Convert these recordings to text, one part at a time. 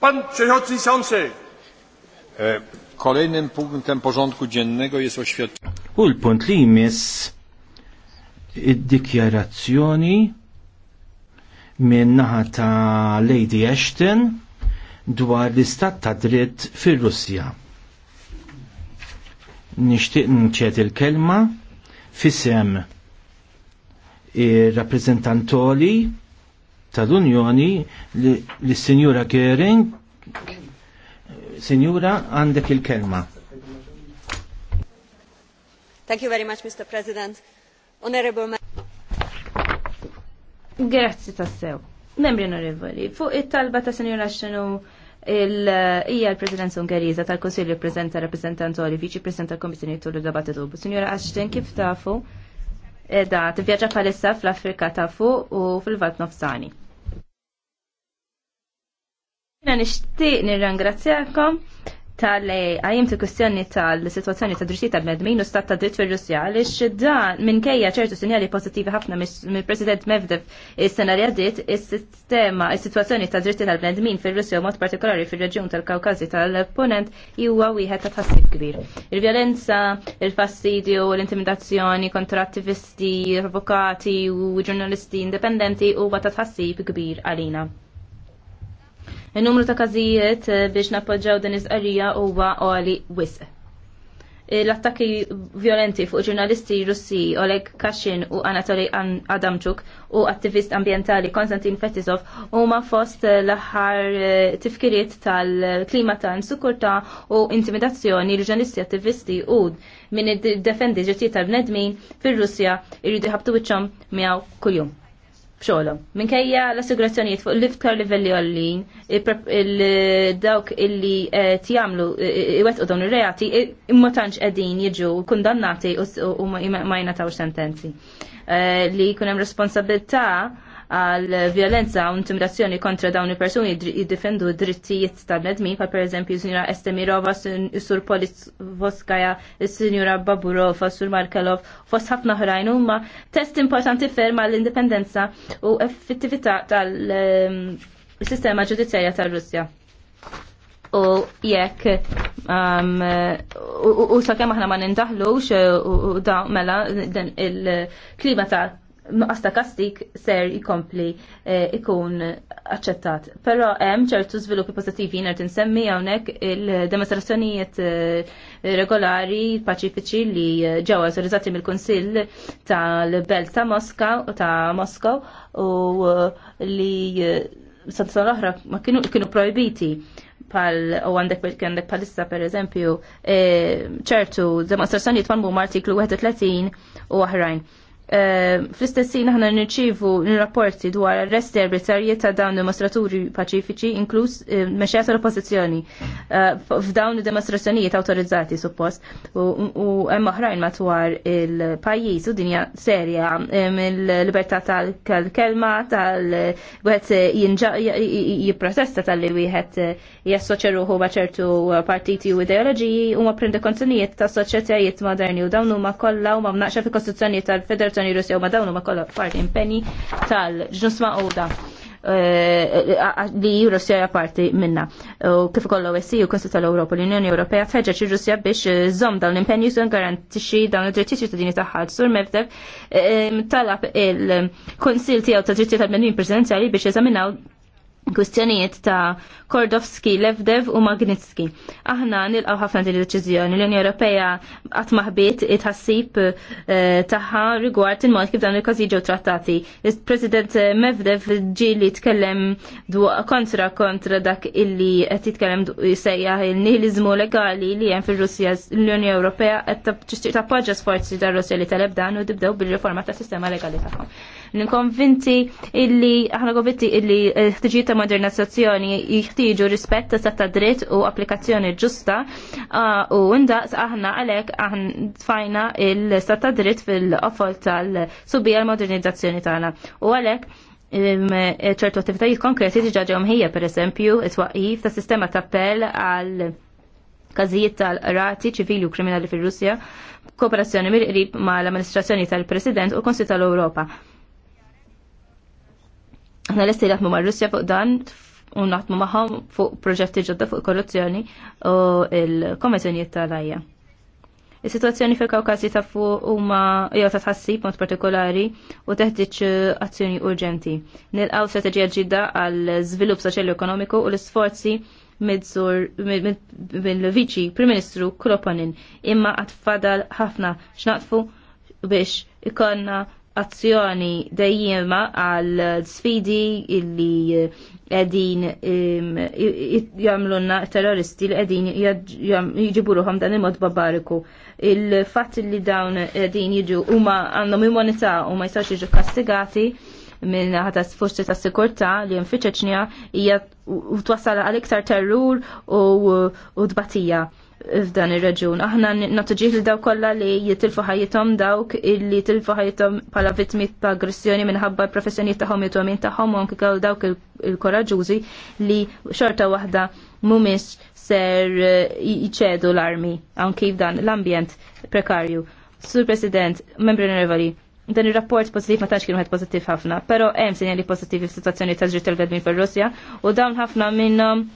Pan Przewodniczący! E, kolejnym punktem porządku dziennego jest oświadczenie. Ul l-punt li jmiss id-dikjarazzjoni minn naħa ta' Lady Ashton dwar l-istat ta' dritt fir-Russja. Nixtieq nċed il-kelma fisem ir-rappreżentantoli tal-Unjoni li s-Sinjura Gering Sinjura għandek il-kelma. Thank you very much, Mr. President. Honorable Grazzi tassew. Membri onorevoli, fuq it-talba ta' Sinjura xinu il-ija l-President Ungeriza tal-Konsilju prezenta rappresentantori, viċi prezenta l-Komissjoni tullu dabattitu. Sinjura Ashton, kif tafu? Da, t-vjaġa palissa fl-Afrika ta' Fu u fil-Vat Nofsani. Jena nishtiq nirrangrazzjakom tal għajim għajimtu kustjoni tal-situazzjoni ta' dritti tal-medmin u stat ta' dritt fil-Russja għalix dan minkejja ċertu sinjali pozittivi ħafna mill-President Mevdev is-sena li għaddit is-sistema is-situazzjoni ta' dritti tal-medmin fil-Russja u mod partikolari fil-reġjun tal-Kawkazi tal-Ponent huwa wieħed ta' tħassib kbir. Il-vjolenza, il-fastidju, l-intimidazzjoni kontra attivisti, avukati u ġurnalisti indipendenti huwa ta' tħassib kbir għalina. Il-numru ta' każijiet eh, biex nappoġġaw din iż-qarrija huwa għali wisq. L-attakki violenti fuq ġurnalisti Russi Oleg Kashin u Anatoli Adamchuk u attivist ambientali Konstantin Fetisov huma fost eh, l-aħħar eh, tifkiriet tal-klima ta' insukurta u intimidazzjoni l ġurnalisti attivisti u min id-defendi ġetiet tal-bnedmin fir-Russja irridu ħabtu wiċċhom miegħu kuljum bxolom. Minkejja l-assigurazzjonijiet fuq l-iftar livelli għallin, dawk illi eh, tjamlu iwet u dawn il-reati, imma tantx qegħdin jiġu kundannati u ma jnatawx sentenzi. Eh, li kunem responsabilta' għal violenza u intimidazzjoni kontra dawn il-persuni jiddifendu drittijiet tal-nedmin, pa' per eżempju s-sinjura Estemirova, s-sur Voskaja, s-sinjura Baburova, s-sur Markelov, fost ħafna ħrajn huma test importanti ferm għall indipendenza u effettività tal-sistema ġudizzjarja tal-Russja. U jekk um, u sa' kemm aħna ma nindaħlux u da' mela il-klima ta' nuqqas ta' kastik ser jkompli eh, ikun aċċettat. Però hemm ċertu żviluppi pożittivi qed insemmi hawnhekk il-demonstrazzjonijiet eh, regolari paċifiċi li ġew autorizzati mill-Kunsill tal-Belt ta' Moska ta' Moskow u eh, li sanzan l-oħra ma kienu, kienu projbiti pal u għandek għandek palissa per eżempju ċertu demonstrazzjonijiet malmu artiklu 31 u oħrajn. Eh, Fl-istessin ħana nirċivu n-rapporti dwar arresti arbitrarji ta' dawn demonstraturi paċifiċi, inkluż eh, meċċja tal-oppozizjoni eh, f'dawn demonstrazzjonijiet autorizzati suppost u hemm oħrajn matwar il-pajjiż u dinja serja mill-libertà tal-kelma tal-wieħed jipprotesta tal-li wieħed jassoċja ruħu ċertu partiti u ideoloġiji u ma' prende konzunijiet ta' soċjetajiet moderni u dawn huma kollha u ma' mnaqxa fi kostituzzjonijiet tal-Federazzjoni federazzjoni Russja u ma dawnu ma kollha parti impenni tal-ġnus ma'quda eh, eh, li Russja hija parti minna. U kif kollu essi u Konsil tal-Ewropa l-Unjoni Ewropea tħeġġeġ ċi russja biex eh, żomm dawn l-impenju se garantixxi dawn id-drittijiet ċittadini tagħha sur Mevdev talab il-Konsil tiegħu ta' drittijiet tal-Medmin Presidenzjali biex jeżaminaw kwistjonijiet ta' Kordowski, Levdev u Magnitski. Aħna nilqaw ħafna din id-deċiżjoni. L-Unjoni Ewropea qatt maħbiet ħassib eh, tagħha rigward il-mod kif dan il-każi ġew trattati. Il-President Mevdev ġi li tkellem kontra kontra dak illi qed jitkellem sejjaħ il-nihilizmu legali li hemm fir-Russja l-Unjoni Ewropea qed tappoġġa sforzi tar-Russja li taleb u dibdew bil-riforma tas-sistema legali tagħhom. Ninkonvinti illi aħna konvinti illi eh, ħtiġijiet ta' modernizzazzjoni jħtiġu rispett ta' ta' dritt u applikazzjoni ġusta ah, u ndaqs aħna għalhekk aħna tfajna il-stat ta' dritt fil-qofol tal-subija l-modernizzazzjoni tagħna. U għalhekk eh, ċertu attivitajiet konkreti diġà ġew ħija pereżempju it-twaqif ta' sistema ta' appell għal każijiet tal-rati ċivili u kriminali fir-Russja, kooperazzjoni mill-qrib mal-amministrazzjoni tal-President u l-Konsil tal-Ewropa. Aħna l-esti naħdmu ma' Russja fuq dan u naħdmu maħħom fuq proġetti ġodda fuq korruzzjoni u il-konvenzjonijiet tal lajja. Is-sitwazzjoni fil-Kawkazi ta' fuq huma jew ta' tħassib mod partikolari u teħtieġ azzjoni urġenti. Nilqgħu strategija ġidda għal żvilupp soċjali ekonomiku u l-isforzi mill-viċi Prim Ministru Kroponin imma għatfadal ħafna x'naqfu biex ikonna azzjoni dejjema għal sfidi illi eh, edin jamlunna terroristi li edin jġiburuħom dan il-mod barbariku. Il-fat li dawn edin jiġu huma għandhom immunità u ma jistax jiġu kastigati minn ħata forsi ta' sikurta li jen fiċeċnija hija twassal għal iktar terrur u tbatija f'dan ir-raġun. Aħna natuġih li daw kollha li jitilfu ħajjithom dawk illi tilfu ħajjithom bħala vittmi ta' aggressjoni minħabba l-professjonijiet tagħhom jew min tagħhom anke għaw dawk il-koraġużi li xorta waħda mhumiex ser jċedu eh, l-armi anke f'dan l-ambjent prekarju. Sur President, membri nervali, dan il-rapport pozittiv ma tax kienu ħed ħafna, pero hemm sinjali pozittivi f'sitwazzjoni ta' ġriet tal-vedmin fir-Russja u dawn ħafna minnhom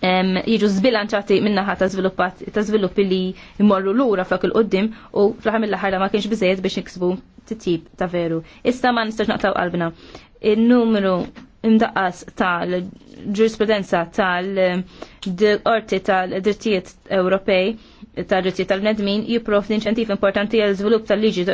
jiġu zbilanċati minnaħa ta' zviluppat ta' zviluppi li jmorru lura flok il-qoddim u fl-ħar mill-ħar ma kienx biżejjed biex niksbu titjib ta' veru. Issa ma nistax naqtaw qalbna. Il-numru imdaqqas tal-ġurisprudenza tal-orti eh, tal-drittijiet Ewropej tal-ġitti tal-nedmin jiprof l inċentiv importanti għal żvilupp tal-liġi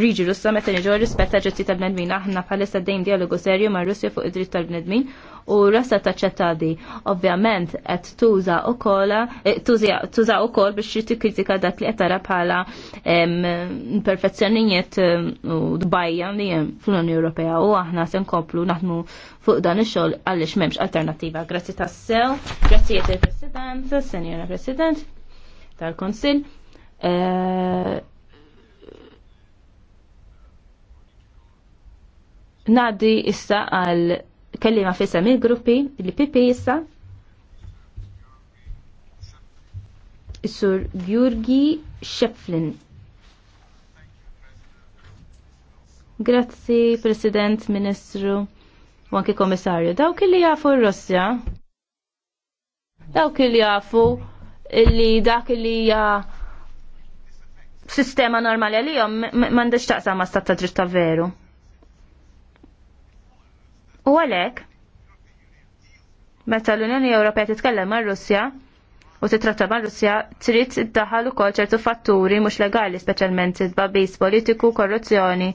riġi Russa meta niġu rispet tal-ġitti tal-nedmin. Aħna bħalissa dejjem dialogu serju ma' Russja fuq id-dritt tal-nedmin u rassa taċċettadi. Ovvjament qed tuża ukola e, tuża ukoll biex tikkritika dak li qed tara bħala perfezzjonijiet u dbajja li jem fl-Unjoni Ewropea u aħna se nkomplu naħdmu fuq dan ix-xogħol għaliex m'hemmx alternattiva. Grazzi tassew, grazzi President, Senjora President tal-Konsil. E, issa għal kellima fissa mill gruppi li pipi issa. Sur Gjurgi Sheflin. Grazzi, President, Ministru, u anki Komissarju. Dawk li jafu r-Rossja, dawk li jafu Illi dak illi hija sistema normali għalihom m'għandix taqsam ma' stat ta' dritta veru. U għalhekk meta l-Unjoni Ewropea titkellem mar-Russja, u titratta ma' Russja trid iddaħħal ukoll ċertu fatturi mhux legali speċjalment babis politiku, korruzzjoni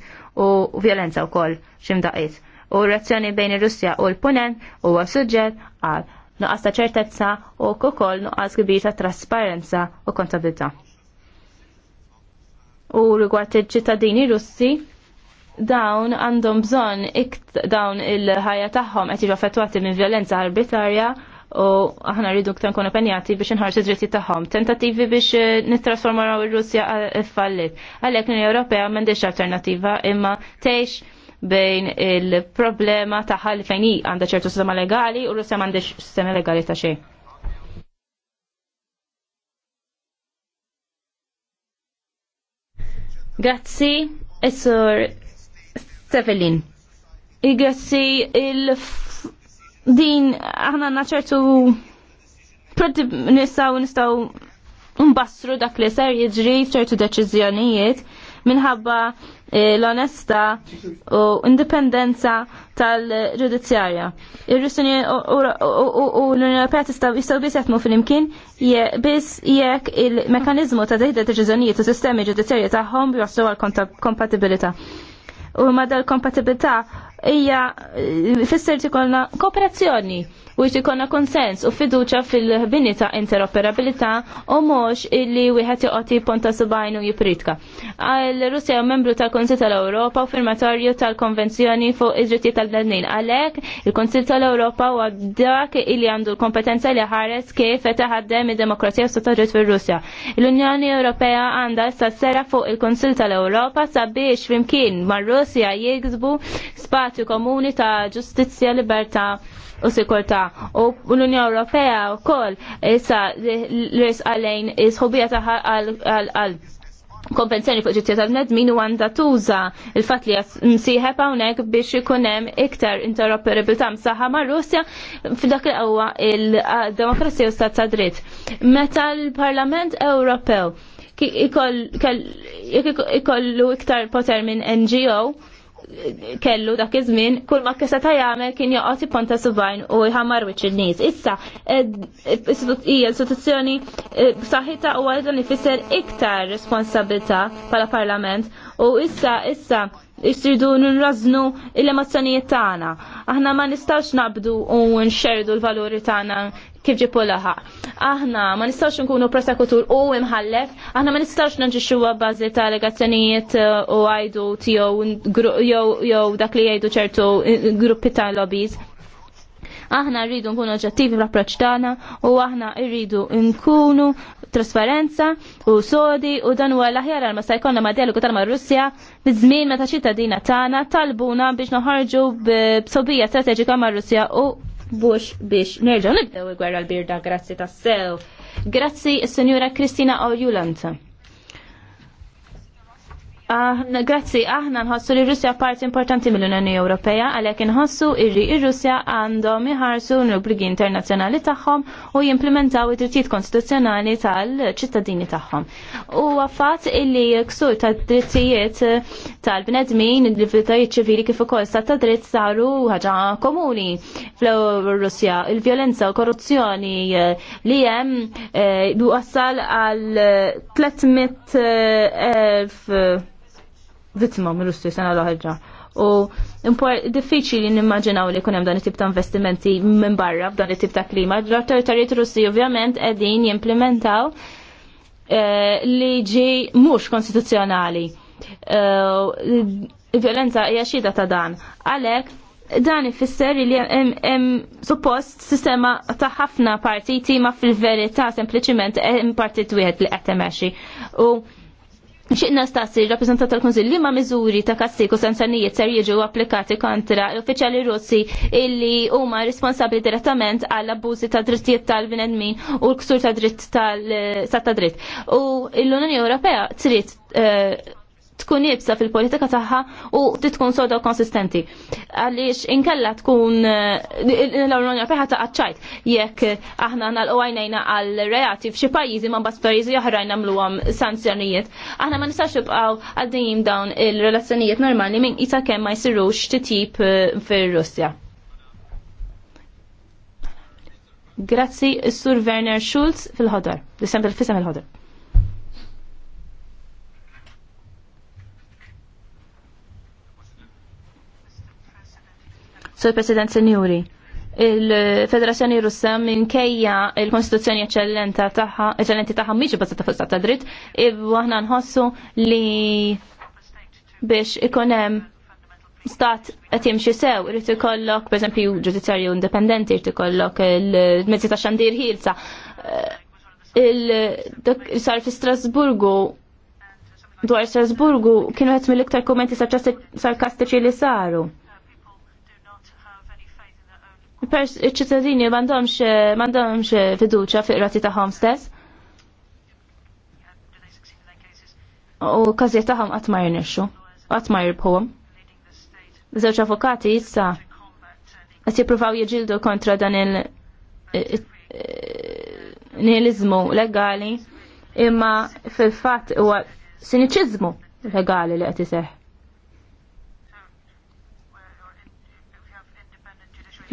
u vjolenza wkoll x'imdaqiet. U r reazzjoni bejn ir-Russja u l-Punent huwa suġġett għal nuqqas ta' ċertezza u kukoll nuqqas kbir ta' trasparenza u kontabilità. U rigward il-ċittadini russi, dawn għandhom bżon dawn il-ħajja tagħhom qed jiġu affettwati minn violenza arbitrarja u aħna rridu iktar nkunu penjati biex id dritti tagħhom. Tentattivi biex eh, nittrasformaw ir-Russja fallit. Għalhekk l-Unjoni Ewropea m'għandix alternattiva imma tgħix bejn il-problema ta' ħalli fejn hi għandha ċertu sistema legali u Russja m'għandix sistema legali ta' xejn. Grazzi, Essur Stefelin. Grazzi il din aħna naċertu nistaw nistaw mbassru dak li ser jiġri f'ċertu deċiżjonijiet minħabba Eh, l-onesta u indipendenza tal-ġudizzjarja. ir russuni u l-Unjoni Ewropea tistgħu jistgħu biss jaħdmu flimkien biss jekk il mekanizmu ta' deħda deċiżjonijiet u sistemi ġudizzjarji tagħhom jwaslu għal kompatibilità. U ma dal-kompatibilità hija eh, fisser tikolna kooperazzjoni u jt ikonna konsens u fiduċa fil-bini ta' interoperabilità u mhux illi wieħed joqgħod jiponta ponta subajnu jipritka. Għal-Russja u membru tal-Konsil tal-Ewropa u firmatorju tal-Konvenzjoni fuq iġrittijiet tal-Bnedmin. Għalhekk il-Konsil tal-Ewropa huwa dak illi għandu l-kompetenza li ħares kif qed taħaddem id-demokrazija u sotaġġet fir-Russja. L-Unjoni Ewropea għandha s-sassera fuq il-Konsil tal-Ewropa sabiex flimkien mar-Russja jiksbu spazju komuni ta' ġustizzja, libertà u sikurtà. U l-Unjoni Ewropea wkoll issa l-ris għalejn isħobija taħ għal konvenzjoni fuq ġittija tal-nedmin u għanda tuża il-fat li msiħeb hawnhekk biex ikun hemm iktar interoperabilità msaħħa ma' Russja f'dak li huwa il-demokrazija u stat ta' dritt. Meta l-Parlament Ewropew ikollu iktar poter minn NGO, kellu dak iż-żmien kull ma kesa ta' jagħmel kien joqgħod ipponta subajn u jħammar wiċċ il-nies. Issa hija l istituzzjoni e, saħħita u għal dan ifisser iktar responsabilità bħala parlament u issa issa jisridu nirraznu il-emozzjonijiet tagħna. Aħna ma nistax nabdu u nxerdu l-valuri tagħna kif ġipu laħa. Aħna ma nistax nkunu prosekutur u imħallef, aħna ma nistax nġiċu bazi ta' legazzjonijiet uh, u għajdu tijow jew dak li jgħidu ċertu uh, gruppi ta' lobbies. Aħna rridu nkunu oġġettivi fl-approċ tagħna u aħna rridu nkunu trasparenza u sodi u dan huwa l-aħjar għal ma se jkollna ma' dialogu tal-ma' Russja biż-żmien meta ċittadina tagħna talbuna biex noħarġu b'sobija strateġika ma' Russja u bux biex nerġgħu nibdew il-gwerra l-birda grazzi tas-sew. Grazzi s-Senjura Kristina Orjulant. Grazzi, aħna nħossu li Russja parti importanti mill-Unjoni Ewropea, għalhekk inħossu irri r russja għandhom iħarsu l-obbligi internazzjonali tagħhom u jimplementaw id-drittijiet konstituzzjonali tal-ċittadini tagħhom. U għaffat illi ksur ta' drittijiet tal-bnedmin, id-libertajiet ċivili kif ukoll sa' ta' dritt saru ħaġa komuni fl-Russja. Il-vjolenza u korruzzjoni eh, li hemm du eh, għassal għal 300 elf eh, vittima mill-istess sena l ħarġa U diffiċli nimmaġinaw li kunem dan it-tip ta' investimenti minn barra f'dan it-tip ta' klima. L-autoritajiet Russi ovvjament qegħdin jimplementaw eh, liġi mhux konstituzzjonali. Eh, violenza hija xhieda ta' dan. Għalhekk dan ifisser li hemm suppost sistema ta' ħafna partiti ma fil-verità sempliċiment hemm partit wieħed li qed U Nxiqna stassi rappresentant tal-Konsil li ma' miżuri ta' kassiku sanzanijiet ser jiġu applikati kontra l-uffiċjali Russi illi huma responsabbli direttament għall abbużi ta' drittijiet tal-bnedmin u l-ksur ta' dritt tal-sat ta' dritt. U l-Unjoni Ewropea trid eh, tkun jibsa fil-politika tagħha u titkun soda konsistenti. Għaliex inkella tkun eh, l-Unjoni Ewropea ta' għacċajt jekk aħna l għajnejna għal reati f'xi pajjiżi ma bas pajjiżi oħrajn nagħmluhom sanzjonijiet. Aħna ma nistax jibqaw għaddim dawn il-relazzjonijiet normali minn isa kemm ma jsirux titjib eh, fir-Russja. Grazzi, Sur Werner Schulz fil ħodar l-sempel fil ħodar Sur President Senjuri il-Federazzjoni Russa minkejja il-Konstituzzjoni eccellenta taħħa, eċċellenti tagħha miġi bbażata fuq stat ta' dritt, waħna nħossu li biex ikun hemm stat qed jimxi sew, irid ikollok pereżempju ġudizzarju indipendenti, irid ikollok il-mezzi ta' xandir ħielsa. Il-sar fi Strasburgu dwar Strasburgu kienu qed mill-iktar kummenti sarkastiċi li saru il-ċittadini mandomx eh, mandomx eh, fiduċa fi rati taħħom stess. U kazijiet taħħom għatmar nirxu, għatmar jirbħuħom. Zewċ avokati jissa għat jipruvaw jġildu kontra dan il-nihilizmu eh, legali imma fil-fat huwa siniċizmu legali li qed iseħħ.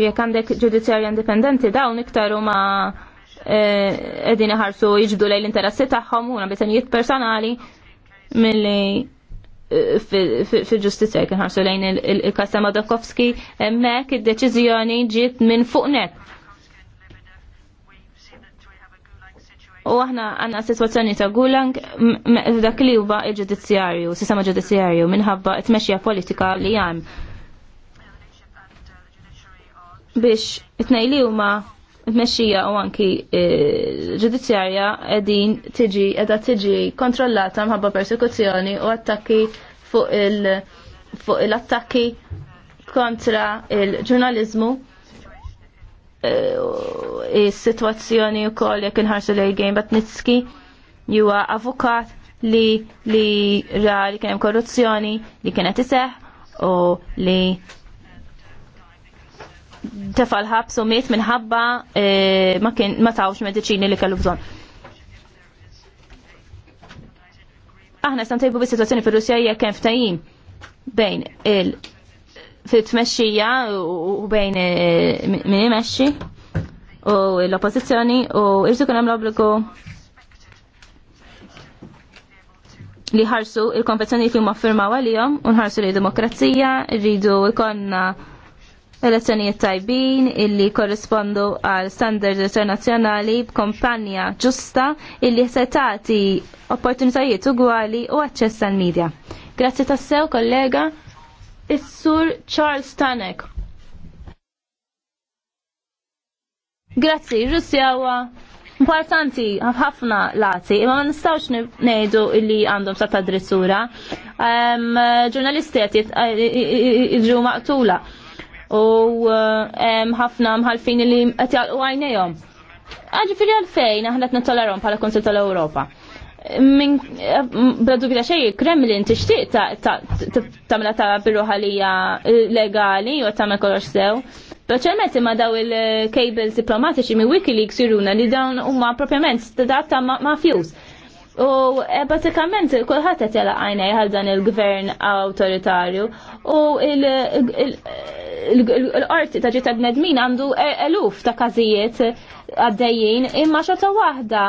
jekk għandek ġudizzjarja indipendenti dawn iktar huma eh, qegħdin iħarsu jiġbdu lejn l-interessi tagħhom u ambizjonijiet personali milli eh, fil-ġustizja kien ħarsu lejn il kassa Madokowski hemmhekk id-deċiżjoni ġiet minn fuq net. U aħna għanna situazzjoni ta' gulang dak li huwa il-ġudizzjarju, sistema ġudizzjarju minħabba t-mexja politika li għam biex itnejli nej li huma u anki e, ġudizzjarja qegħdin tiġi qiegħda tiġi kontrollata mħabba persekuzzjoni u attakki fuq il fuq l-attakki kontra il-ġurnalizmu e, u sitwazzjoni wkoll jekk inħarsu lejn Batnitski juwa avukat li li ra li kien korruzzjoni li kienet iseħ u li tefal ħabs u miet minħabba e, ma kien ma tawx mediċini li kellu bżonn. Aħna stan tejbu bis-sitwazzjoni fir-Russja hija kemm ftajim bejn il fit-tmexxija u bejn e, min imexxi u l-oppożizzjoni u irdu kien hemm l-obbligu li ħarsu il-konvenzjoni li huma firmaw għalihom u nħarsu li demokrazija rridu ikonna elezzjonijiet tajbin illi korrispondu għal standards internazzjonali b'kompanja ġusta illi se tagħti opportunitajiet ugwali u aċċess għal media Grazzi tassew kollega is-sur Charles Tanek. Grazzi, Russja huwa importanti ħafna lati, imma ma nistgħux ngħidu illi għandhom sa ta' drissura. Ġurnalisti qed jiġu maqtula u eh, ħafna mħalfin li qed jaqgħu għajnejhom. Ah, ġifieri għalfejn aħna qed nittolerhom bħala Konsil tal-Ewropa. Min eh, bla dubju xej Kremlin tixtieq tagħmilha ta' birruħalija legali u tagħmel kollox sew. Speċjalment imma daw il-cables diplomatiċi minn Wikileaks jiruna li dawn huma propjament ta' ma' mafjuż. U batikament kulħadd qed jela għajnej għal dan il-gvern awtoritarju u l-qorti ta' ġita bnedmin għandu e-, eluf ta' każijiet għaddejjin imma xota waħda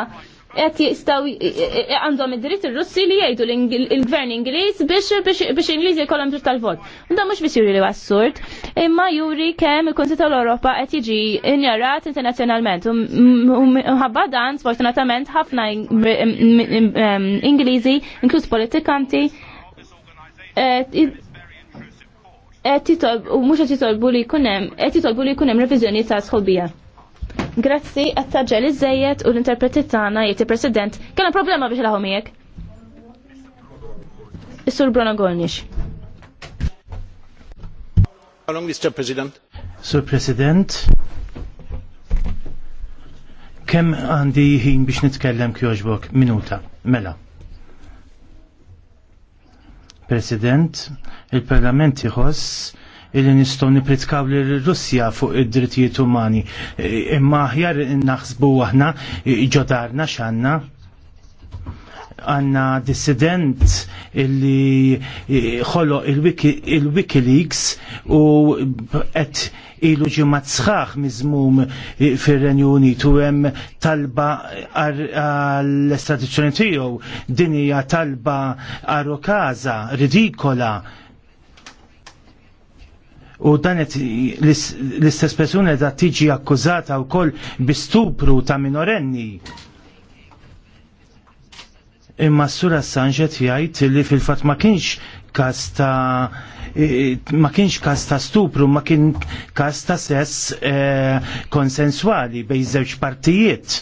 qed jistgħu għandhom id-dritt ir-Russi li jgħidu l-gvern Ingliż biex biex Ingliż jkollhom dritt tal-vot. Dan mhux biex juri li assurd, imma juri kemm il-Kunsil tal-Ewropa qed jiġi injarat internazzjonalment. U ħabba dan sfortunatament ħafna Ingliżi, inkluż politikanti, qed titolbu mhux qed jitolbu li jkun hemm qed jitolbu li jkun hemm reviżjoni ta' sħobija. Grazzi, għattaġel li żejjed u l-interpreti tagħna jieti President. Kena problema biex laħom miegħek. Is-Sur Bruno Golnix. Along Mr. President. Sur President. Kemm għandi ħin biex nitkellem kjoġbok? Minuta. Mela. President, il-Parlament jħoss illi nistgħu nipritkaw lil Russja fuq id-drittijiet umani. E, imma aħjar naħsbu aħna e, ġodarna x'għandna għanna dissident illi e, ħolo il-Wikileaks u għet ilu ġimat sħax mizmum fil-Renju Unitu hemm talba għall estradizjoni tiegħu din hija talba arrokaza, ridikola u danet l-istess persuna da tiġi akkużata u koll bistupru ta' minorenni. Imma s-sura Sanġet jgħid li fil-fat ma kienx kasta ta' e, e, ma kienx kasta ta' stupru, ma kien kasta ta' sess e, konsensuali bej żewġ partijiet.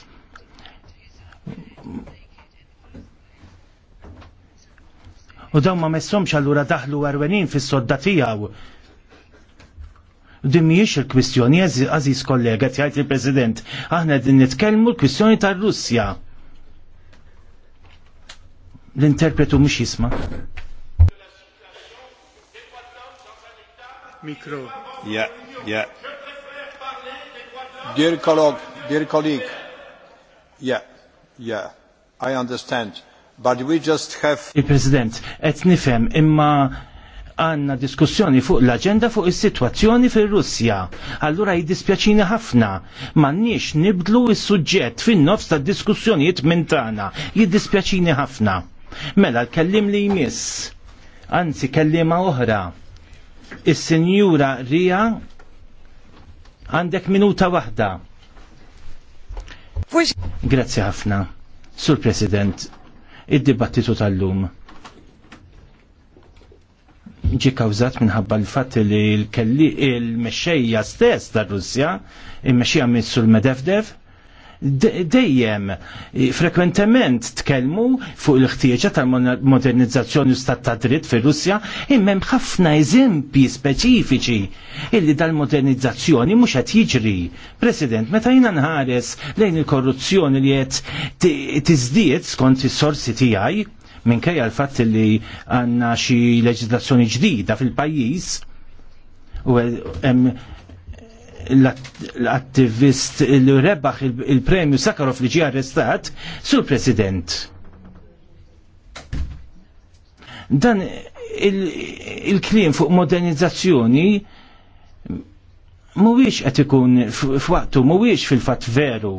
U dawn ma messomx allura daħlu għarwenin fis-sodda tiegħu Din il-kwistjoni għaziz kollega tijajt il-President, aħna din nitkellmu l-kwistjoni tar-Russja. L-interpretu mhux jisma'. Mikro. Ja, ja. Dear colleague, dear colleague. Yeah, yeah, I understand. But we just have... Il-President, et nifem, imma għanna diskussjoni fuq l-agenda fuq is-sitwazzjoni fir-Russja. Allura jiddispjaċini ħafna m'għandniex nibdlu s-suġġett fin-nofs tad-diskussjonijiet minn tagħna. Jiddispjaċini ħafna. Mela kellim li jmiss. Anzi kellima oħra. Is-Sinjura Rija għandek minuta waħda. Grazzi ħafna, Sur President, id-dibattitu tal-lum ġi kawżat minħabba l-fatt li l-kelli il-mexxejja stess ta' Russja, il-mexxejja l-medefdef, dejjem frekwentement tkellmu fuq il-ħtieġa tal-modernizzazzjoni stat ta' dritt fir russja imma hemm ħafna eżempji speċifiċi illi dal-modernizzazzjoni mhux qed jiġri. President, meta jiena nħares lejn il-korruzzjoni li qed tiżdied skont is-sorsi tiegħi, minkejja l-fatt li għandna xi leġislazzjoni ġdida fil-pajjiż u hemm l-attivist li rebaħ il-premju Sakarov li ġie arrestat sur President. Dan il-klim fuq modernizzazzjoni mhuwiex qed ikun f'waqtu mhuwiex fil-fatt veru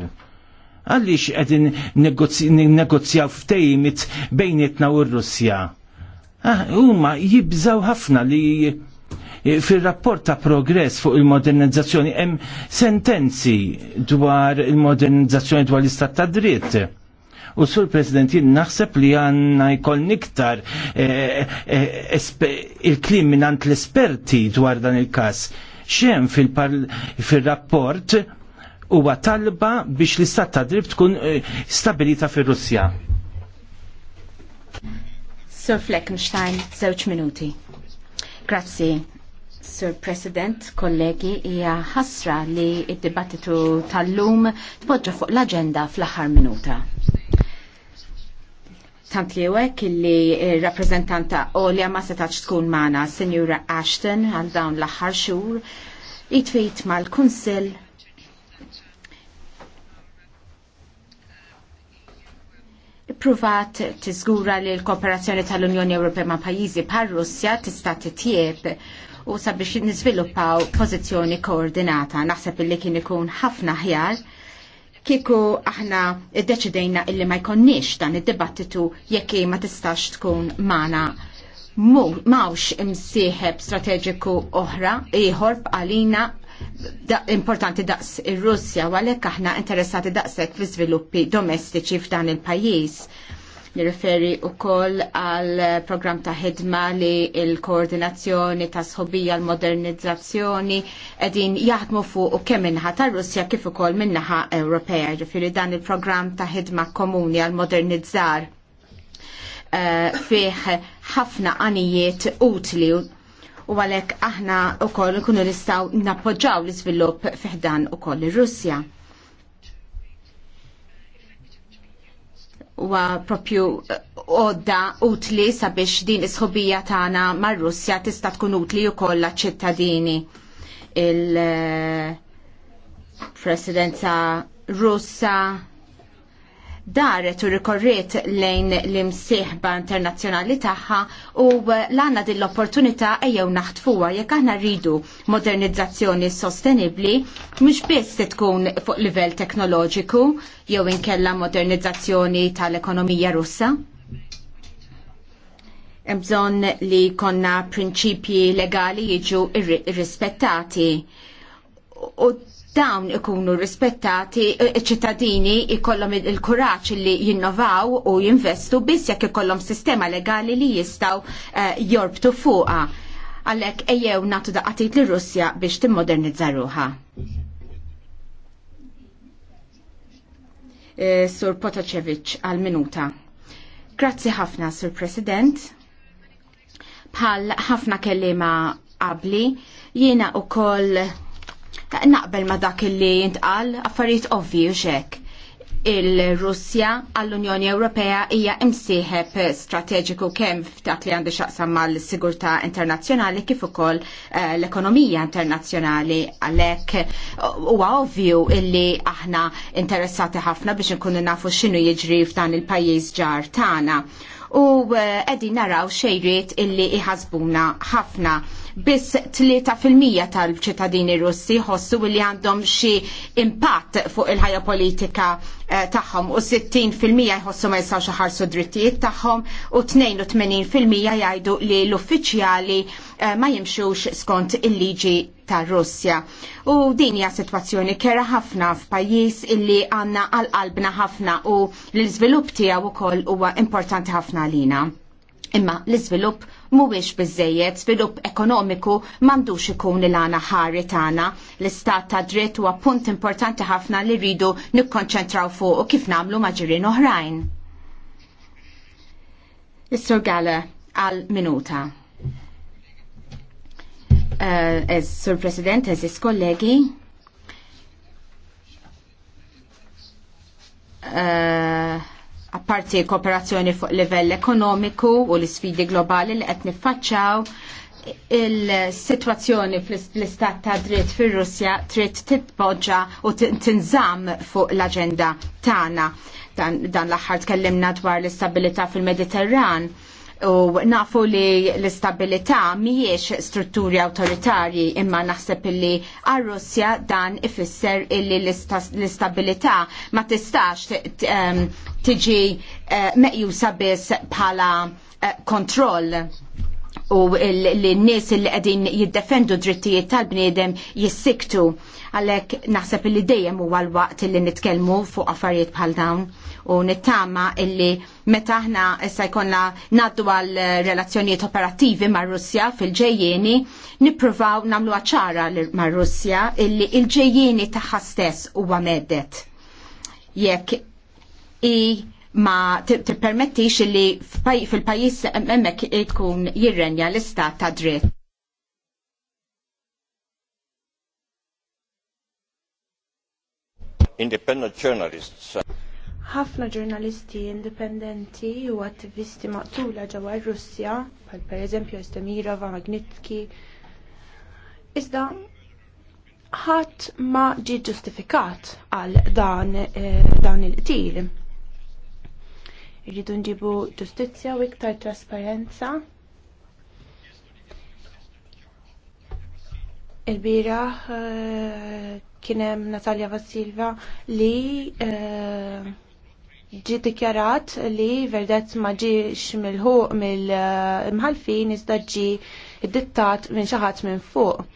Għaliex għedin negozjaw ftejmit bejnietna u r-Russja. Ah, huma jibżaw ħafna li fil-rapport ta' progress fuq il-modernizzazzjoni hemm sentenzi dwar il-modernizzazzjoni dwar l-istat ta' dritt. U sur President jien naħseb li għanna jkoll niktar eh, eh, il-klim minant l-esperti dwar dan il-kas. ċem fil-rapport fil rapport huwa talba biex l-istat ta' drib tkun eh, stabilita fir russja Sir Fleckenstein, żewġ minuti. Grazzi, Sir President, kollegi, hija ħasra li id-dibattitu tal-lum tpoġġa fuq l-agenda fl-aħħar minuta tant li għek illi rappresentanta Olja ma setax tkun mana, Senjura Ashton, għal dawn l-axar xur, jitfit mal kunsel pruvat tiżgura li l-kooperazzjoni tal-Unjoni Ewropea ma' pajjiżi bħal Russja tista' titjieb u sabiex niżviluppaw pożizzjoni koordinata. Naħseb illi kien ikun ħafna ħjar kieku aħna iddeċidejna illi ma jkonniex dan id-dibattitu jekk ma tistax tkun mana mawx imsieħeb strateġiku oħra ieħor b'għalina importanti daqs ir-Russja u għalhekk aħna interessati daqshekk fi sviluppi domestiċi f'dan il-pajjiż. Nirriferi wkoll għal programm ta' ħidma li l-koordinazzjoni ta' sħobija l-modernizzazzjoni qegħdin jaħdmu fuq u kemm minnaħa tar Russja kif ukoll min-naħa Ewropea. Ġifieri dan il-programm ta' ħidma komuni għal modernizzar uh, fih ħafna għanijiet utli u għalhekk aħna wkoll kunu nistgħu nappoġġaw l-iżvilupp fiħdan ukoll ir-Russja. Huwa propju eh, għodda utli sabiex din is-sħobija tagħna mar-Russja tista' tkun utli wkoll ċittadini il-presidenza eh, russa daret u rikorriet lejn l-imsieħba internazzjonali tagħha u l-għanna din l-opportunità ejjew naħtfuwa jekk aħna rridu modernizzazzjoni sostenibbli mhux biss se tkun fuq livell teknoloġiku jew inkella modernizzazzjoni tal-ekonomija Russa. Hemm bżonn li konna prinċipji legali jiġu irrispettati. U dawn ikunu rispettati e, e, ċittadini ikollhom il-kuraġġ li jinnovaw u jinvestu biss jekk ikollhom sistema legali li jistgħu uh, e, jorbtu fuqha. Għalhekk ejjew nagħtu daqatit lir Russja biex timmodernizza ruha. Uh, Sur Potocevic għal minuta. Grazzi ħafna, Sur President. Bħal ħafna kellima qabli, jiena u koll Ta Naqbel ma dak li jintqal affarijiet ovvi u xek. Il-Russja għall-Unjoni Ewropea hija imsieħeb strateġiku kemm f'dak li għandu xaqsam mal-sigurtà internazzjonali kif ukoll eh, l-ekonomija internazzjonali għalhekk huwa ovvju illi aħna interessati ħafna biex inkunu nafu x'inhu jiġri f'dan il-pajjiż ġar tagħna u eh, qegħdin naraw xejriet illi iħasbuna ħafna biss 3% tal-ċittadini Russi ħossu li għandhom xi impatt fuq il-ħajja politika eh, tagħhom u 60% jħossu ma jistgħux iħarsu drittijiet tagħhom u 82% jgħidu li l-uffiċjali eh, ma jimxux skont il-liġi ta' Russja. U din hija sitwazzjoni kera ħafna f'pajjiż illi għandna għal-qalbna ħafna u l-iżvilupp tiegħu wkoll huwa importanti ħafna għalina. Imma l-iżvilupp mhuwiex biżejjed, żvilupp ekonomiku m'għandux ikun il għana ħari tagħna. L-istat ta' dritt huwa punt importanti ħafna li rridu nikkonċentraw fuq u kif nagħmlu ma' ġirien oħrajn. Mr. Gala għal minuta. Uh, Sur President, eżis kollegi, uh, apparti kooperazzjoni fuq livell ekonomiku u l-sfidi globali li qed niffaċċaw il-situazzjoni fl-istat ta' dritt fir russja trid titpoġġa u tinżamm fuq l-aġenda tagħna. Dan, l-aħħar tkellimna dwar l-istabilità fil-Mediterran u nafu li l-istabilità mhijiex strutturi awtoritarji imma naħseb illi għar russja dan ifisser illi l-istabilità ma tistax tiġi eh, meqjusa biss bħala eh, kontroll u l-nies li qegħdin jiddefendu drittijiet tal-bniedem jissiktu għalhekk naħseb li dejjem huwa għal waqt li nitkellmu fuq affarijiet bħal dawn u nittama illi meta aħna issa jkollna ngħaddu għal relazzjonijiet operattivi mar-Russja fil ġejjeni nippruvaw nagħmluha ċara mar-Russja illi l ġejjeni tagħha stess huwa medet. Jekk i ma tippermettix li fil-pajis emmek tkun jirrenja l-istat ta' dritt. Independent journalists. Ħafna ġurnalisti indipendenti u attivisti maqtula ġewwa r-Russja, bħal pereżempju Estemirova, Magnitski. Iżda ħadd ma ġiet ġustifikat għal dan, eh, dan il-qtil Irridu nġibu ġustizzja u iktar trasparenza. Il-bira eh, kienem Natalja Vassilva li eh, ġi dikjarat li verdet ma ġiex mill-ħuq mill-mħalfin eh, iżda ġi id-dittat minn xaħat minn fuq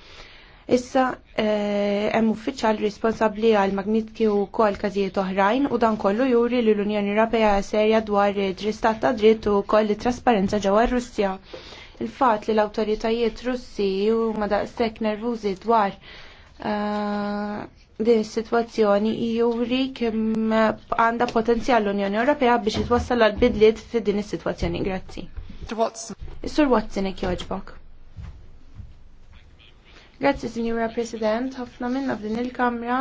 Issa eh, hemm uffiċjal responsabbli għal magnitki u kol każijiet oħrajn u dan kollu juri li l-Unjoni Ewropea serja dwar id-dristat ta' dritt u koll trasparenza ġewwa Russja. Il-fatt li l-awtoritajiet Russi huma daqshekk nervużi dwar eh, din is-sitwazzjoni juri kemm għandha potenzjal l-Unjoni Ewropea biex jitwassal għal bidliet fi din is-sitwazzjoni. Grazzi. Is-Sur Watson jogħġbok. Grazzi, Signora President, ħafna minna f'din il-Kamra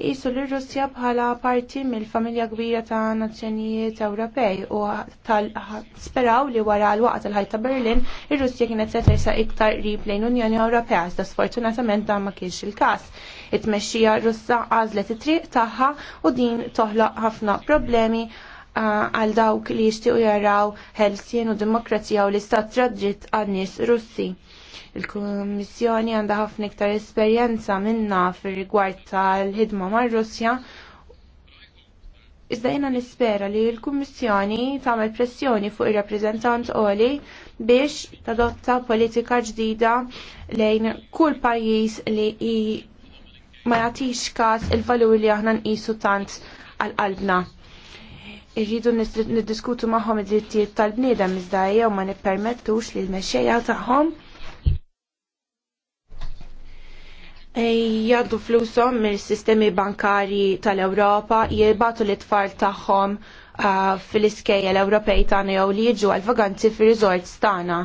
jisu l-Russja bħala parti mill-familja kbira ta' nazzjonijiet Ewropej u speraw li wara l-waqt tal-ħajt ta' Berlin ir-Russja kienet se tersa iktar qrib lejn Unjoni Ewropea iżda sfortunatament dan ma kienx il-każ. It-tmexxija Russa għażlet it-triq tagħha u din toħloq ħafna problemi għal dawk li jixtiequ jaraw Helsin u demokrazija u l-istat dritt għan-nies Russi. Il-Kummissjoni għandha ħafna iktar esperjenza minna fir-rigward tal-ħidma mar-Russja Iżda jiena nispera li l-Kummissjoni tagħmel pressjoni fuq ir-rappreżentant Oli biex tadotta politika ġdida lejn kull pajjiż li ma jagħtix każ il-valur li aħna nqisu tant għal-qalbna. Irridu niddiskutu magħhom id-drittijiet tal-bniedem iżda jew ma nippermettux li l-mexxejja tagħhom jaddu flusom mill-sistemi bankari tal-Ewropa jirbatu l-itfall tagħhom uh, fil-iskejjel Ewropej tagħna jew li jiġu għal vaganzi fir-riżorts tagħna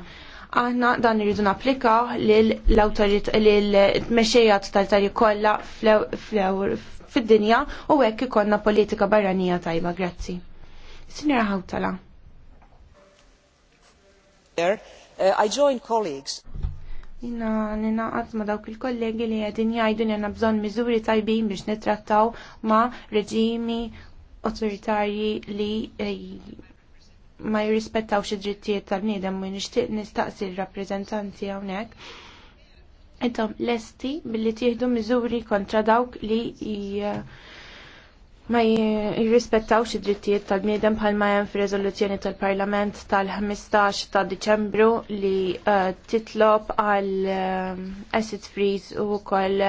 aħna dan irridu napplikaw lill-mexxejjat tal-tari kollha fid-dinja u hekk ikollna politika barranija tajba, grazzi. Sinjora Hawtala. Uh, I join colleagues. Jina ninaqat ma dawk il-kollegi li għedin jgħidu li għanna bżon miżuri tajbin biex nitrattaw ma reġimi autoritarji li eh, ma jirrispettawx id-drittijiet tal-nidem u nixtieq nistaqsi l-rappreżentanti hawnhekk. Intom lesti billi tieħdu miżuri kontra dawk li eh, ma jirrispettawx id-drittijiet tal-bniedem bħalma hemm fir-riżoluzzjoni tal-Parlament tal-15 ta' Diċembru li uh, titlob għal um, asset freeze u wkoll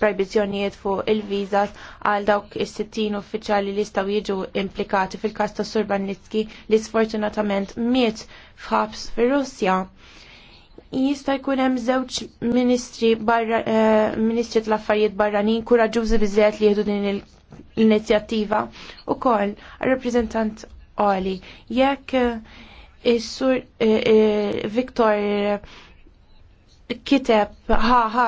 proibizjonijiet fuq il-vizas għal dawk is sittin uffiċjali li staw jiġu implikati fil-każ ta' Surbanitski li sfortunatament miet f'ħabs fir-Russja jista' jkun hemm żewġ ministri barra, uh, ministri tal-affarijiet barranin kuraġużi biżżejjed li jieħdu din il l-inizjattiva u koll rappresentant għali jekk eh, il sur eh, eh, Viktor kiteb ħaħa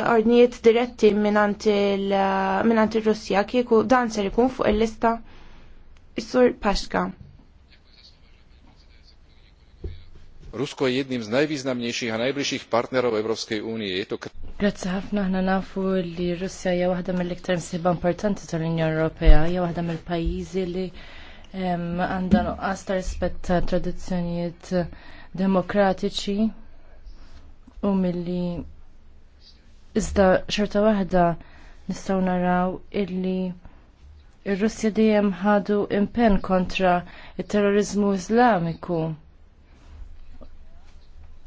ordnijiet diretti minant il russija kieku dan ser ikun fuq il-lista il sur Paxka. Rusko je jedným z najvýznamnejších a najbližších partnerov Európskej únie. Je to Grazzi ħafna ħna nafu li Russja hija waħda mill-iktar msiba importanti tal-Unjoni Ewropea, hija waħda mill-pajjiżi li għandha nuqqas ta' rispett ta' tradizzjonijiet demokratiċi u milli iżda xorta waħda nistgħu naraw illi ir-Russja dejjem ħadu impenn kontra t terrorizmu Iżlamiku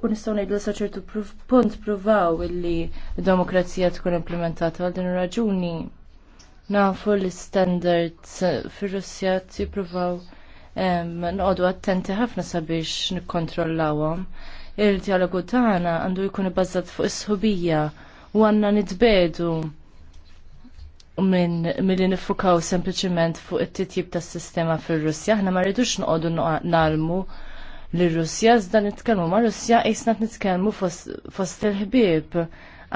u nistgħu ngħidu sa ċertu punt provaw illi d-demokrazija tkun implementata għal din raġuni nafu l-standards eh, fir-Russja tippruvaw noqogħdu attenti ħafna sabiex nikkontrollawhom. Il-dialogu tagħna għandu jkun ibbażat fuq is-sħubija u għandna nitbedu minn milli nifukaw sempliċement fuq it-titjib tas-sistema fir-Russja, aħna ma rridux noqogħdu nalmu na l-Russja, iżda nitkellmu ma' Russja qisna nitkellmu fost il-ħbieb.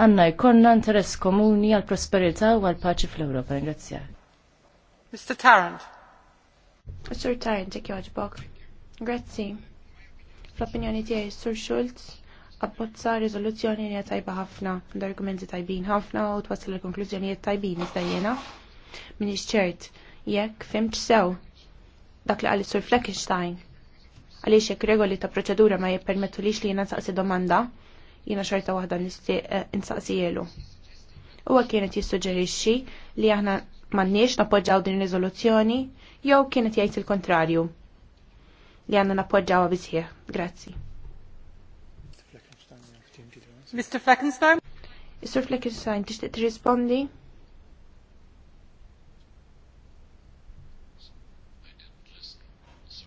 Għanna jkollna interess komuni għal prosperità u għal paċi fl-Ewropa. Ringrazzjak. Mr. Tarrant. Mr. Tarrant, dik joġbok. Grazzi. Fl-opinjoni tiegħi Sur Schultz abbozza riżoluzzjoni li tajba ħafna, l-argumenti tajbin ħafna u twassal il-konklużjonijiet tajbin iżda jiena. Minix ċert, jekk fimx sew dak li għalli Sur Fleckenstein għaliex jekk regoli ta' proċedura ma jippermettulix li jiena nsaqsi domanda, jiena xorta waħda eh, jelu. Huwa kienet jissuġġerixxi li aħna m'għandniex nappoġġaw din riżoluzzjoni jew kienet jgħid il-kontrarju li għandna nappoġġawha bisħieħ. Grazzi. Mr. Fleckenstein? Mr. Fleckenstein, tixtieq tirrispondi?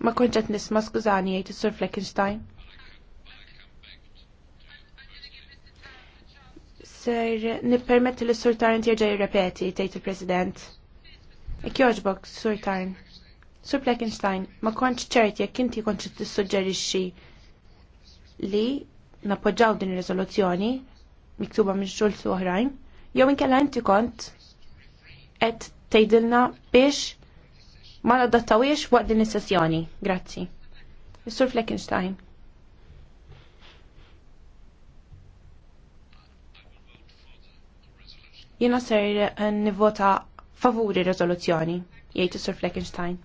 Ma konċet nisma skużani jgħid is-Sur Fleckenstein. Ser nippermetti li s sur Tarn tirġa' jirrepeti tgħid il-President. Ik jogħġbok, Sur Tarn. Sur Fleckenstein, ma kontx ċert jekk inti kontx tissuġġerixxi li nappoġġaw din ir-riżoluzzjoni miktuba minn xulz oħrajn, jew inkella inti kont qed tgħidilna biex ma nadattawiex waqt din is-sessjoni. Grazzi. Mr. sur Fleckenstein. Jiena ser eh, nivvota favuri rezoluzzjoni, jgħid is-Sur Fleckenstein.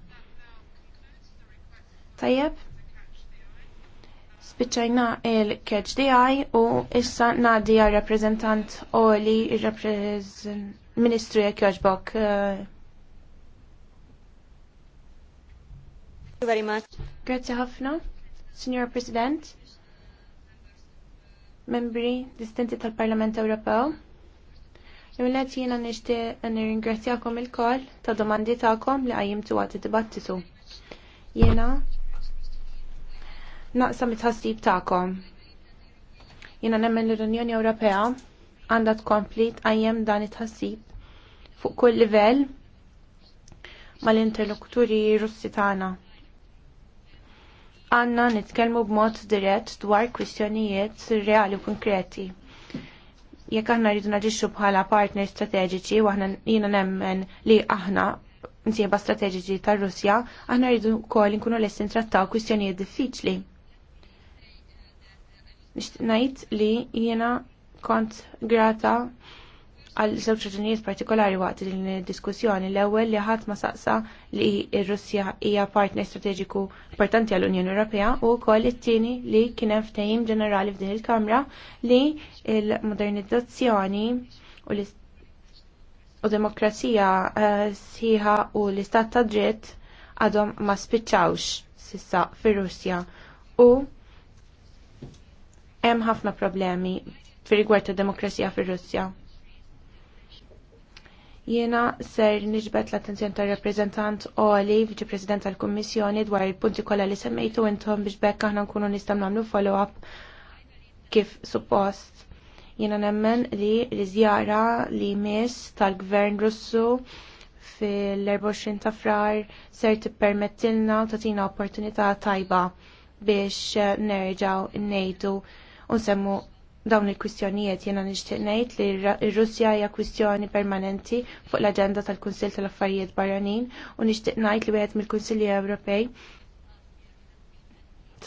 Tajjeb, spiċċajna il-catch DI u issa nadi għal u li il-Ministru Jekjoġbok. Uh, eh, very much. Grazie ħafna, Signor President, membri distinti tal-Parlament Ewropew. jina jiena nixtieq nirringrazzjakom il-koll ta' domandi tagħkom li qajjimtu waqt id-dibattitu. Jiena naqsam it-ħassib tagħkom. Jiena nemmen l-Unjoni Ewropea għandha tkompli tqajjem dan it-ħassib fuq kull livell mal-interlokuturi Russi tagħna għanna nitkellmu b'mod dirett dwar kwistjonijiet reali u konkreti. Jekk aħna rridu naġixxu bħala partner strateġiċi u aħna jiena nemmen li aħna nsieba strateġiċi tar-Russja, aħna rridu wkoll inkunu lesti trattaw kwistjonijiet diffiċli. Nixtieq ngħid li jiena kont grata għal żewġ raġunijiet partikolari waqt din id-diskussjoni. L-ewwel li ħadd ma saqsa li r-Russja hija partner strateġiku importanti għall unjoni Ewropea u wkoll it-tieni li kien hemm ftehim ġenerali f'din il-Kamra li l-modernizzazzjoni u l u demokrazija eh, sħiħa u l-istat ta' dritt għadhom ma spiċċawx sissa fir-Russja u hemm ħafna problemi fir-rigward ta' demokrazija fir-Russja. Jiena ser nġbet l attenzjon tar rappreżentant Oli, viċi President tal-Kummissjoni, dwar il-punti kollha li semmejtu intom biex bekk aħna nkunu nistgħu nagħmlu follow-up kif suppost. Jiena nemmen li l-iżjara li mis tal-Gvern Russu fil-24 ta' frar ser tippermettilna u tatina opportunità tajba biex n-nejtu u nsemmu dawn il-kwistjonijiet jiena nixtieq ngħid li r-Russja hija kwistjoni permanenti fuq l-aġenda tal-Kunsill tal-Affarijiet Barranin u nixtieq ngħid li wieħed mill-Kunsilli Ewropej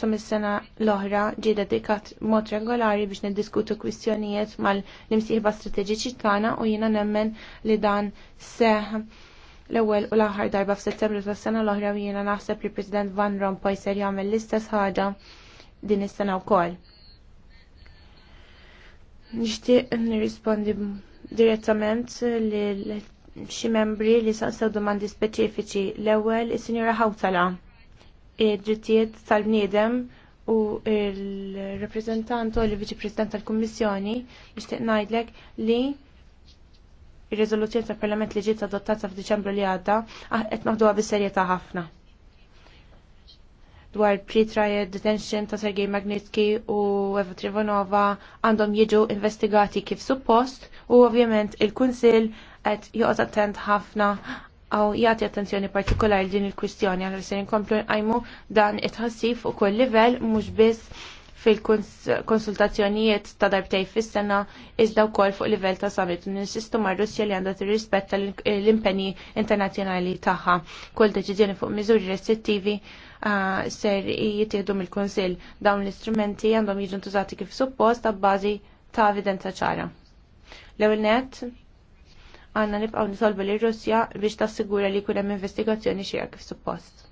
sa mis-sena l-oħra ġie dedikat mod regolari biex niddiskutu kwistjonijiet mal-imsieħba strateġiċi tagħna u jiena nemmen li dan seħ l-ewwel u l-aħħar darba f'Settembru tas-sena l-oħra u jiena naħseb li President Van Rompuy ser jagħmel l-istess ħaġa din is-sena wkoll Nixtieq nirrispondi direttament li xi membri li saqsew domandi speċifiċi. L-ewwel is-Sinjora Hawtala, id-drittijiet tal-bniedem u il-rappresentant u l-Viċi President tal-Kummissjoni nixtieq ngħidlek li ir-riżoluzzjoni tal-Parlament li ġiet adottata f'Diċembru li għadda ah, qed naħduha bis-serjetà ħafna dwar pre-trial detention ta' Sergej Magnitsky u Eva Trivonova għandhom jiġu investigati kif suppost u ovvjament il-Kunsil qed joqgħod attent ħafna għaw jagħti attenzjoni partikolari din il-kwistjoni għal se nkomplu nqajmu dan it-ħassif u kull livell mhux biss fil-konsultazzjonijiet ta' darbtej fis-sena iżda wkoll fuq livell ta' summit u ninsistu mar Russja li għandha tirrispetta l-impenji internazzjonali tagħha. Kull deċiżjoni fuq miżuri restrittivi Ah, ser jittieħdu mill-Kunsill dawn l-istrumenti għandhom jiġu ntużati kif suppost ta' bazi ta' evidenza ċara. L-ewwel nett għandna nibqgħu nisolbu l russja biex tassigura li jkun hemm investigazzjoni xieqa kif suppost.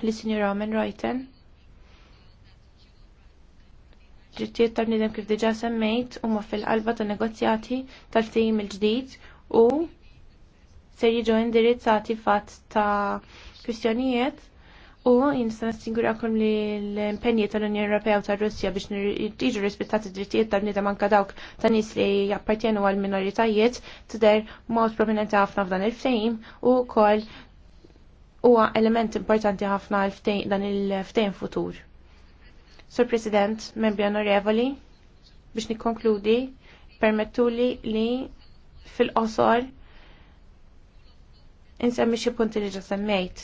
L-Sinjura Omen Reuten Ġittiet tal-nidem kif diġa semmejt huma fil-qalba ta' negozjati tal-tim il-ġdid u Se jiġu indirizzati fatt ta' kwistjonijiet u jinsa nistingurakom li l-impenji tal-Unjoni Ewropea u tal-Russja biex jiġu rispettati drittijiet tal nida anka dawk ta' nies li jappartjenu għal minoritajiet tidher mod prominenti ħafna f'dan il-ftehim u kol huwa element importanti ħafna dan il ftejn futur. Sur President, membri onorevoli, biex nikkonkludi, permettuli li fil-qosor Insemmi xi punti li ġa semmejt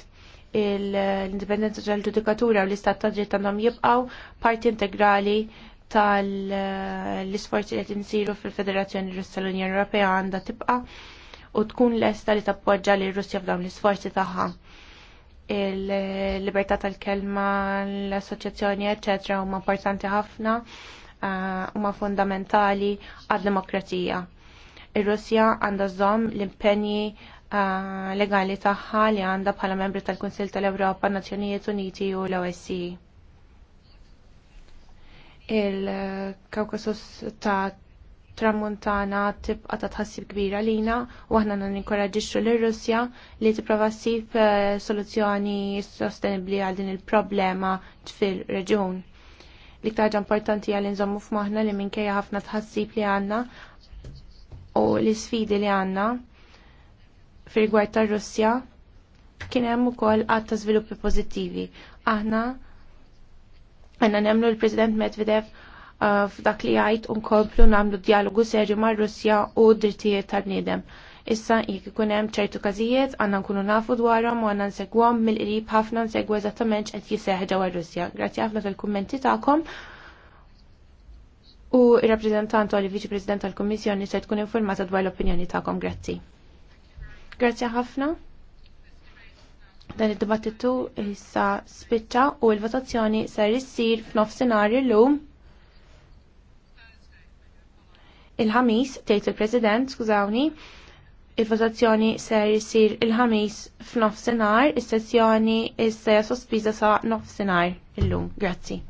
l-indipendenza tal-ġudikatura u l-istat ta' dritt għandhom jibqgħu parti integrali tal-isforzi li qed insiru fil-Federazzjoni Russa l-Unjoni Ewropea għandha tibqa' u tkun lesta li tappoġġa li Russja f'dawn l-isforzi tagħha il-libertà tal-kelma, l-assoċjazzjoni, eccetera, huma importanti ħafna eh, huma fundamentali għad-demokrazija. Ir-Russja għandha żomm l-impenji Eh, legali tagħha li għandha bħala membri tal-Kunsill tal-Ewropa, Nazzjonijiet Uniti u l-OSCE. il kawkasus ta' tramuntana tibqa ta' tħassib kbira lina u aħna ninkoraġixxu lir russja li tipprova ssib eh, soluzzjoni sostenibbli għal din il-problema fil-reġjun. L-iktar ħaġa importanti għal inżommu f'moħħna li minkejja ħafna tħassib li għandna u l-isfidi li għandna fil-gwar ta' Russja kien hemm ukoll għadd ta' żviluppi pożittivi. Aħna għandna nemmlu l-President Medvedev uh, f'dak li għajt unkomplu namlu dialogu serju ma' Russja u drittijiet tal niedem Issa jek ikun hemm ċertu każijiet għandna nkunu nafu dwarhom u għandna nsegwhom mill-qrib ħafna nsegwu eżattament x'qed ġew ġewwa Russja. Grazzi ħafna tal-kummenti tagħkom. U ir-rappreżentant u l-Viċi President tal-Kummissjoni se tkun informata dwar l-opinjoni tagħkom. Grazzi. Grazzi ħafna. Dan id-dibattitu issa spiċċa u l-votazzjoni ser issir f'nofsinhar illum. Il-ħamis, tgħid il-President, skużawni, il-votazzjoni ser issir il-ħamis f'nofsinhar, is-sessjoni issa sospiża sa nofsinhar illum. Grazzi.